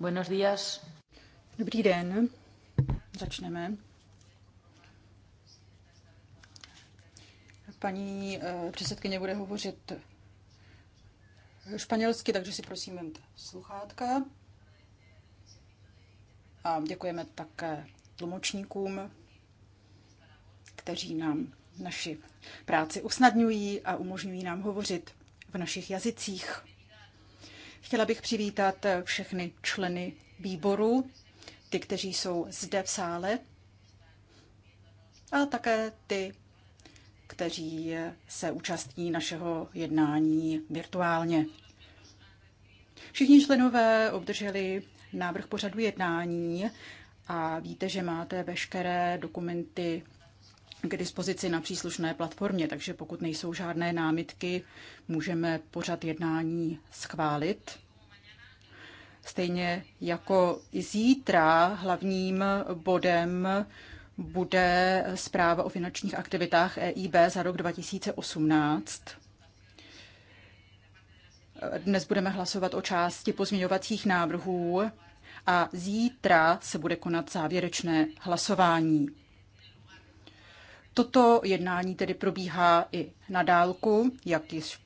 Buenos días. Dobrý den. Začneme. Paní eh, předsedkyně bude hovořit španělsky, takže si prosím vemte sluchátka. A děkujeme také tlumočníkům, kteří nám naši práci usnadňují a umožňují nám hovořit v našich jazycích. Chtěla bych přivítat všechny členy výboru, ty, kteří jsou zde v sále, a také ty, kteří se účastní našeho jednání virtuálně. Všichni členové obdrželi návrh pořadu jednání a víte, že máte veškeré dokumenty k dispozici na příslušné platformě, takže pokud nejsou žádné námitky, můžeme pořad jednání schválit. Stejně jako zítra hlavním bodem bude zpráva o finančních aktivitách EIB za rok 2018. Dnes budeme hlasovat o části pozměňovacích návrhů a zítra se bude konat závěrečné hlasování. Toto jednání tedy probíhá i na dálku, jak již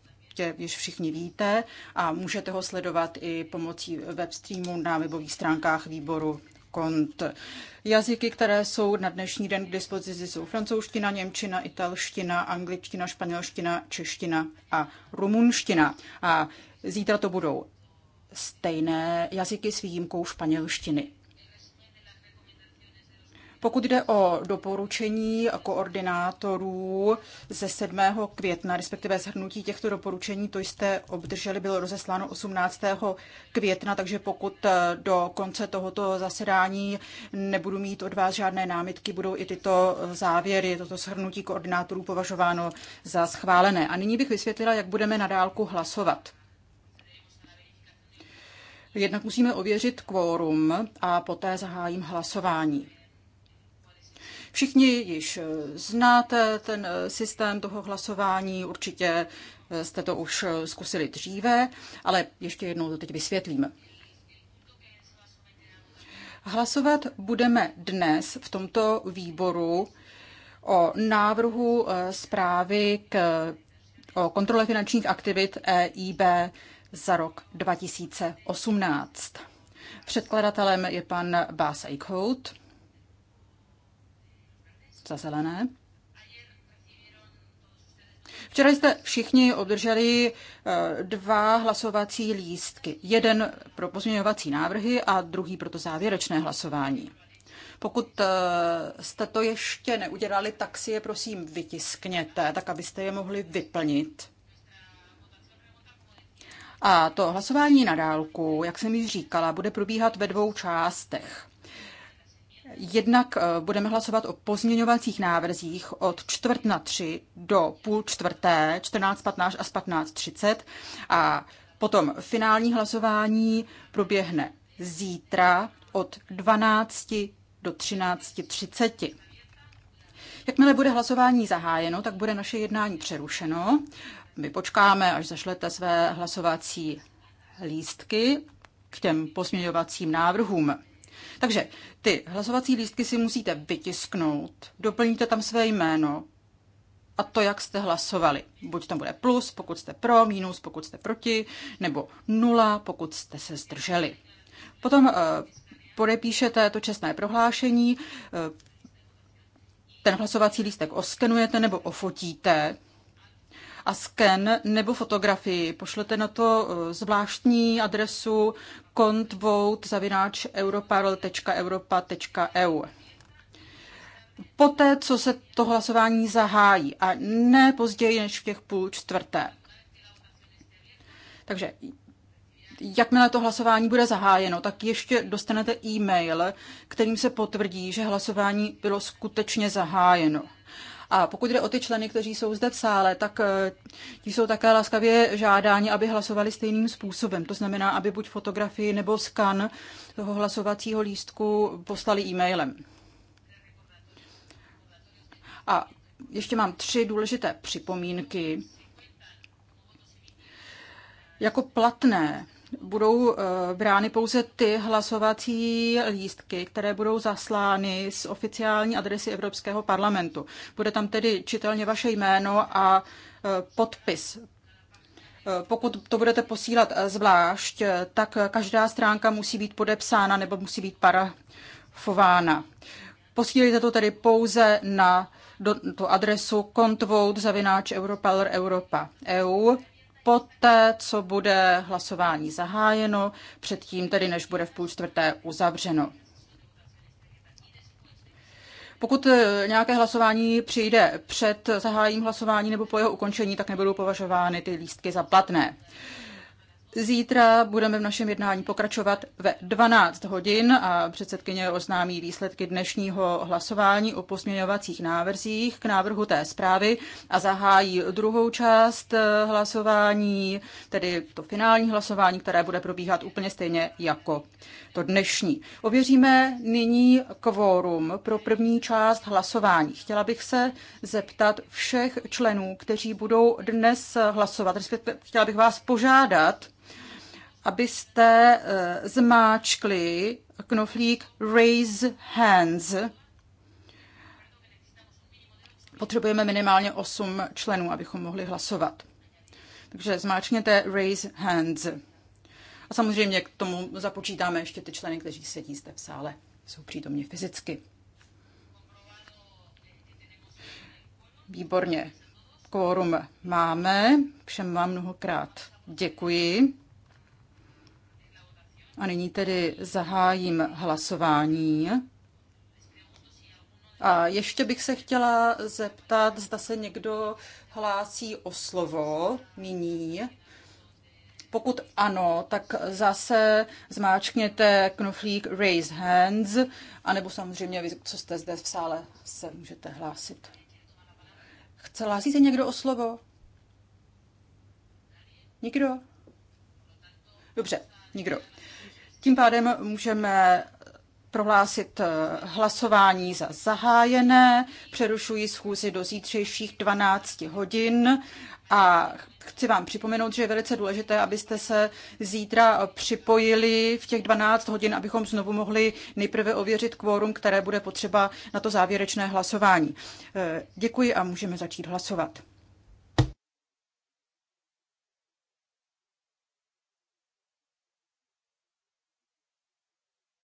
již všichni víte a můžete ho sledovat i pomocí webstreamu na webových stránkách výboru kont. Jazyky, které jsou na dnešní den k dispozici, jsou francouzština, němčina, italština, angličtina, španělština, čeština a rumunština. A zítra to budou stejné jazyky s výjimkou španělštiny. Pokud jde o doporučení koordinátorů ze 7. května, respektive zhrnutí těchto doporučení, to jste obdrželi, bylo rozesláno 18. května, takže pokud eh, do konce tohoto zasedání nebudu mít od vás žádné námitky, budou i tyto eh, závěry, toto shrnutí koordinátorů považováno za schválené. A nyní bych vysvětlila, jak budeme nadálku hlasovat. Jednak musíme ověřit kvórum a poté zahájím hlasování. Všichni již eh, znáte ten eh, systém toho hlasování, určitě eh, jste to už zkusili dříve, ale ještě jednou to teď vysvětlím. Hlasovat budeme dnes v tomto výboru o návrhu zprávy k, o kontrole finančních aktivit EIB za rok 2018. Předkladatelem je pan Bas Eichhout za zelené. Včera jste všichni obdrželi eh, dva hlasovací lístky. Jeden pro pozměňovací návrhy a druhý pro to závěrečné hlasování. Pokud eh, jste to ještě neudělali, tak si je prosím vytiskněte, tak abyste je mohli vyplnit. A to hlasování na dálku, jak jsem již říkala, bude probíhat ve dvou částech. Jednak eh, budeme hlasovat o pozměňovacích návrzích od čtvrt na tři do půl čtvrté, 14.15 až 15.30 a potom finální hlasování proběhne zítra od 12 do 13.30. Jakmile bude hlasování zahájeno, tak bude naše jednání přerušeno. My počkáme, až zašlete své hlasovací lístky k těm pozměňovacím návrhům. Takže ty hlasovací lístky si musíte vytisknout, doplníte tam své jméno a to, jak jste hlasovali. Buď tam bude plus, pokud jste pro, minus, pokud jste proti, nebo nula, pokud jste se zdrželi. Potom eh, podepíšete to čestné prohlášení, eh, ten hlasovací lístek oskenujete nebo ofotíte, a sken nebo fotografii. Pošlete na to eh, zvláštní adresu kontvout.europarl.europa.eu Poté, co se to hlasování zahájí a ne později než v těch půl čtvrté. Takže jakmile to hlasování bude zahájeno, tak ještě dostanete e-mail, kterým se potvrdí, že hlasování bylo skutečně zahájeno. A pokud jde o ty členy, kteří jsou zde v sále, tak eh, ti jsou také laskavě žádáni, aby hlasovali stejným způsobem. To znamená, aby buď fotografii nebo skan toho hlasovacího lístku poslali e-mailem. A ještě mám tři důležité připomínky. Jako platné budou eh, brány pouze ty hlasovací lístky, které budou zaslány z oficiální adresy Evropského parlamentu. Bude tam tedy čitelně vaše jméno a eh, podpis. Eh, pokud to budete posílat zvlášť, tak každá stránka musí být podepsána nebo musí být parafována. Posílejte to tedy pouze na do, tu adresu kontvout zavináč Europower Europa EU poté, co bude hlasování zahájeno, předtím tedy, než bude v půl čtvrté uzavřeno. Pokud e, nějaké hlasování přijde před zahájením hlasování nebo po jeho ukončení, tak nebudou považovány ty lístky za platné. Zítra budeme v našem jednání pokračovat ve 12 hodin a předsedkyně oznámí výsledky dnešního hlasování o posměňovacích návrzích k návrhu té zprávy a zahájí druhou část eh, hlasování, tedy to finální hlasování, které bude probíhat úplně stejně jako to dnešní. Ověříme nyní kvórum pro první část hlasování. Chtěla bych se zeptat všech členů, kteří budou dnes hlasovat, respektive chtěla bych vás požádat, abyste eh, zmáčkli knoflík Raise Hands. Potřebujeme minimálně 8 členů, abychom mohli hlasovat. Takže zmáčkněte Raise Hands. A samozřejmě k tomu započítáme ještě ty členy, kteří sedí zde v sále, jsou přítomně fyzicky. Výborně. Kórum máme. Všem vám mnohokrát děkuji. A nyní tedy zahájím hlasování. A ještě bych se chtěla zeptat, zda se někdo hlásí o slovo nyní. Pokud ano, tak zase zmáčkněte knoflík Raise Hands, anebo samozřejmě vy, co jste zde v sále, se můžete hlásit. Chce hlásí se někdo o slovo? Nikdo? Dobře, Nikdo. Tím pádem můžeme prohlásit eh, hlasování za zahájené. Přerušuji schůzi do zítřejších 12 hodin a chci vám připomenout, že je velice důležité, abyste se zítra připojili v těch 12 hodin, abychom znovu mohli nejprve ověřit kvórum, které bude potřeba na to závěrečné hlasování. Eh, děkuji a můžeme začít hlasovat.